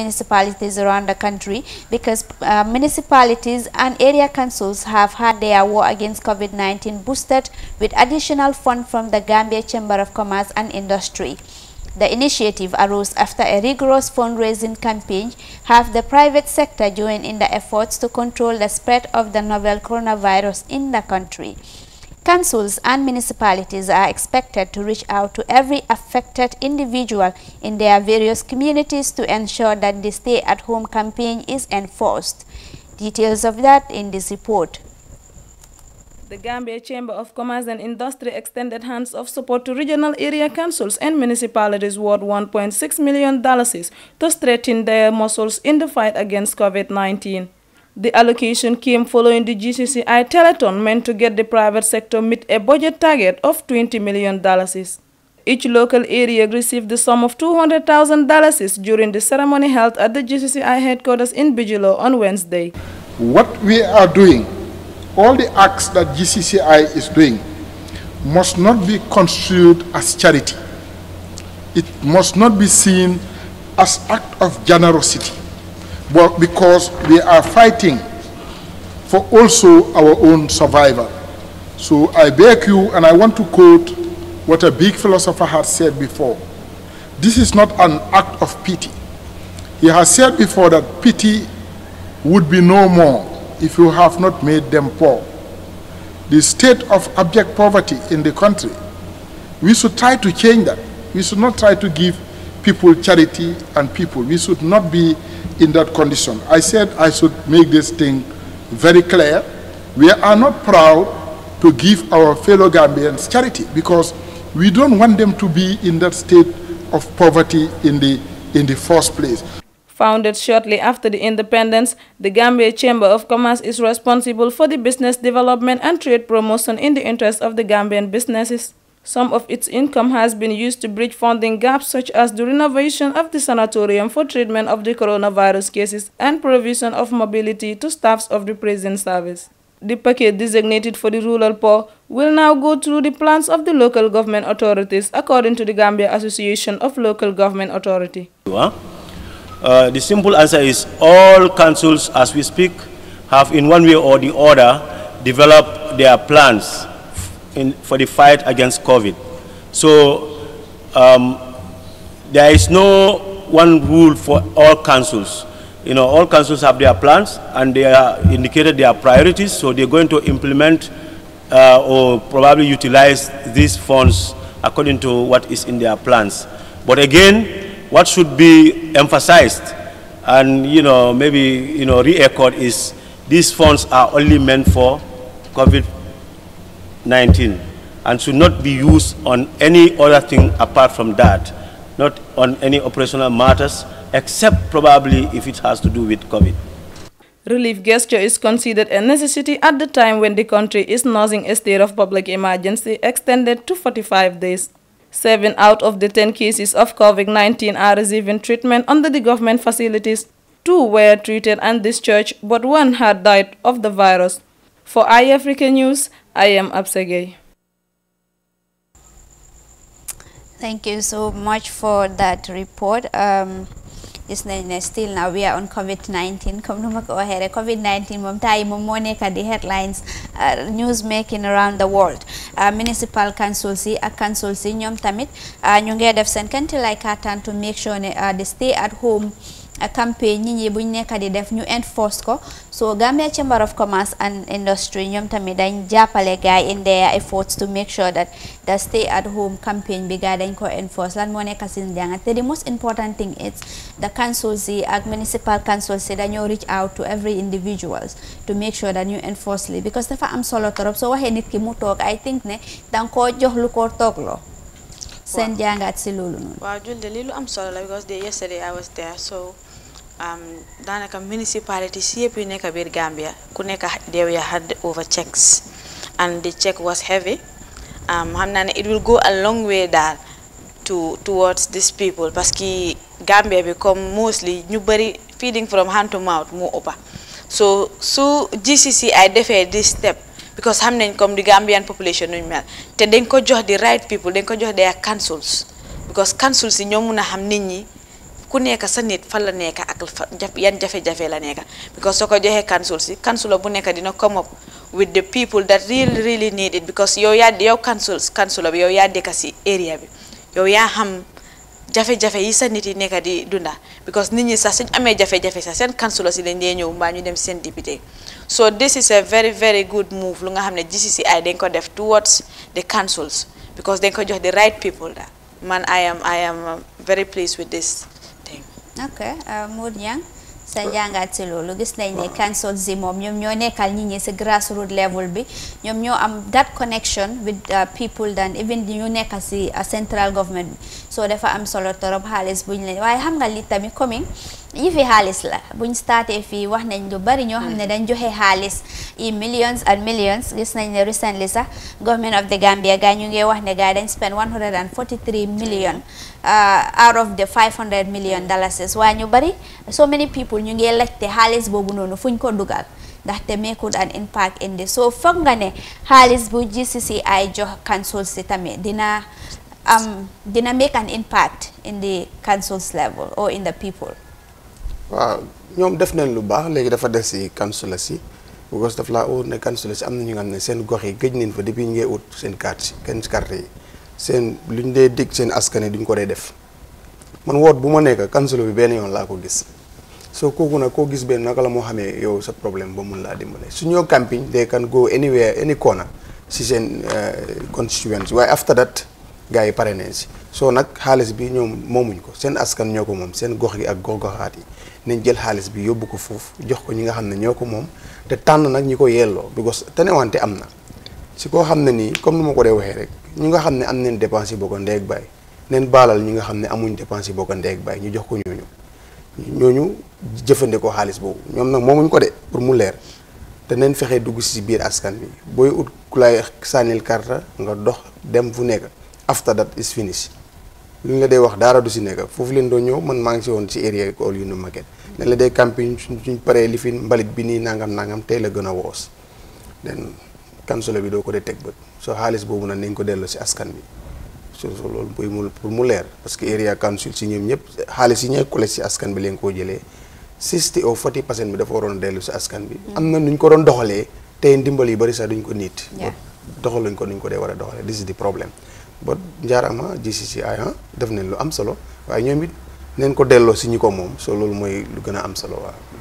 municipalities around the country because uh, municipalities and area councils have had their war against COVID-19 boosted with additional funds from the Gambia Chamber of Commerce and Industry. The initiative arose after a rigorous fundraising campaign have the private sector join in the efforts to control the spread of the novel coronavirus in the country. Councils and municipalities are expected to reach out to every affected individual in their various communities to ensure that the stay-at-home campaign is enforced. Details of that in this report. The Gambia Chamber of Commerce and Industry extended hands of support to regional area councils and municipalities worth $1.6 million to strengthen their muscles in the fight against COVID-19. The allocation came following the GCCI telethon meant to get the private sector meet a budget target of $20 million. Each local area received the sum of $200,000 during the ceremony held at the GCCI headquarters in Bijilo on Wednesday. What we are doing, all the acts that GCCI is doing, must not be construed as charity. It must not be seen as act of generosity but because we are fighting for also our own survival. So I beg you, and I want to quote what a big philosopher has said before. This is not an act of pity. He has said before that pity would be no more if you have not made them poor. The state of abject poverty in the country, we should try to change that. We should not try to give people, charity, and people. We should not be in that condition. I said I should make this thing very clear. We are not proud to give our fellow Gambians charity because we don't want them to be in that state of poverty in the, in the first place. Founded shortly after the independence, the Gambia Chamber of Commerce is responsible for the business development and trade promotion in the interest of the Gambian businesses. Some of its income has been used to bridge funding gaps such as the renovation of the sanatorium for treatment of the coronavirus cases and provision of mobility to staffs of the prison service. The package designated for the rural poor will now go through the plans of the local government authorities according to the Gambia Association of Local Government Authority. Uh, the simple answer is all councils as we speak have in one way or the other developed their plans in, for the fight against COVID. So um, there is no one rule for all councils. You know, all councils have their plans and they are indicated their priorities, so they're going to implement uh, or probably utilize these funds according to what is in their plans. But again, what should be emphasized and, you know, maybe, you know, re-echoed is these funds are only meant for COVID 19 and should not be used on any other thing apart from that, not on any operational matters, except probably if it has to do with COVID. Relief gesture is considered a necessity at the time when the country is nursing a state of public emergency extended to 45 days. Seven out of the 10 cases of COVID-19 are receiving treatment under the government facilities. Two were treated and discharged, but one had died of the virus. For iAfrica News, I am Absegei. Thank you so much for that report. Um, still now we are on COVID-19 kom numa ko COVID-19 mom tay mom the headlines uh, news making around the world uh, municipal council si ak uh, council si tamit ñu uh, ngey def kanti like to make sure uh, they stay at home campagne ñi ñi buñ nekk di def ñu enforce ko so Gambia Chamber of Commerce and Industry ñoom tamit dañ jàppale gaay in their efforts to make sure that the stay at home campaign bi gaay dañ ko enforce lan moo nekk si njàngat te the most important thing is the councils si ak municipal councils si dañoo reach out to every individuals to make sure that ñu enforce li because dafa am solo torop soo waxee nit ki mu toog I think ne danga koo jox lu ko toog loo Send jàngaat si Well, noonu. waaw Julde am sorry because yesterday I was there so daanaka um, municipality a yëpp yu nekk biir Gambia Kuneka, nekk deew had over checks and the check was heavy Um, it will go a long way daal to towards these people Because Gambia become mostly ñu feeding from hand to mouth more ëppa so GCC, I defee this step. because xam nañ comme di Gambian population nuñ mel te dañ ko jox di right people dañ ko jox di ak councils because councils yi ñoo mun a xam nit ñi ku nekk sa nit fan la nekka ak yan jafe-jafe la nekk because soo ko joxee council si councilor bu nekk dina come up with the people that really really need yow yaa yow council councilor bi yow yaa dëkk si area bi yow yaa xam jafe-jafe yi sa nit yi nekk di dunda because nit ñi sax suñ amee jafe-jafe sax seen councilor si lañ dee ñëw mbaa ñu dem seen député so this is a very very good move lu nga the GCC, GCCI dañ ko def towards the councils because dañ ko the right people da man I am I am uh, very pleased with this thing. ok uh, Modou Niang sa jàngaat si loolu gis nañ ne councils yi moom ñoom ñoo nekkal nit grassroots level bi ñoom ñoo am that connection with uh, people than even ñu nekkal a central government bi soo defa am solo torop xaalis buñ leen waaye xam nga li tamit coming yi fi xaalis la buñ starté fii wax nañ lu bari ñoo xam ne dañ joxe xaalis i millions and millions gis nañ ne recently sax government of the Gambia gaa ñu ngi wax ne gaa dañ spend 143 million uh, out of the 500 million dollars waa ñu bari so many people ñu ngi laajte xaalis boobu noonu fuñ ko dugal ndaxte meekul an impact indi so foog nga ne xaalis bu GCCI jox council si tamit dina um, dina make an impact in the council's level or in the people waaw ñoom def nañ lu baax léegi dafa des si council si because daf laa óor ne council si am na ñu nga xam ne seen gox yi gëj nañ fa depuis ñu ngay ut seen carte si kenn carte yi seen lu ñu dig seen askan yi duñ ko dee def man woot bu ma nekk council bi benn yoon laa ko gis so kooku nag koo gis benn naka la moo xamee yow sa problème ba mun laa dimbale suñoo campagne they can go anywhere any corner si seen eh, constituency waaye after that gars yi pare nañ si soo nag xaalis bi ñoom moomuñ ko seen askan ñoo ko moom seen gox yi ak gox goxaat yi nañ jël xaalis bi yóbbu ko foofu jox ko ñi nga xam ne ñoo ko moom te tànn nag ñi ko yelloo because wante am na si koo xam ne nii comme nu ma ko dee waxee rek ñu nga xam ne am neen dépense yi bokk ndey ak baay neen baalal ñi nga xam ne amuñ dépense yi bokk ndey ak baay ñu jox ko ñooñu ñooñu jëfandikoo xaalis boobu ñoom nag moomuñ ko de pour mu leer te neen fexee dugg si biir askan bi booy ut ku lay sànnil karta nga dox dem fu nekk after that is finished lu ñu la day wax dara du ci nek fofu leen do ñew man ma ngi ci won ci area ko yu nu maquette dañ la day campagne suñ paré li fi mbalit bi ni nangam nangam té la gëna a den kan solo bi do ko détek teg so xaliss bobu na ñing ko delloo ci askan bi so so loolu boy mu pour mu lèr parce que area council ci ñoom ñëpp xaliss yi ñooy collecte ci askan bi leen ko jëlé 60 au 40 bi dafa waron dellu ci askan bi mm. amna na nuñ ko doon doxalé té ndimbal yi bari sa duñ ko nit doxal luñ ko nuñ ko dé wara doxalé this is the problem bon njaaraama GCC ay def nañ lu am solo waaye ñoom it neen ko delloo si ñi ko moom so loolu mooy lu gën a am solo waaw.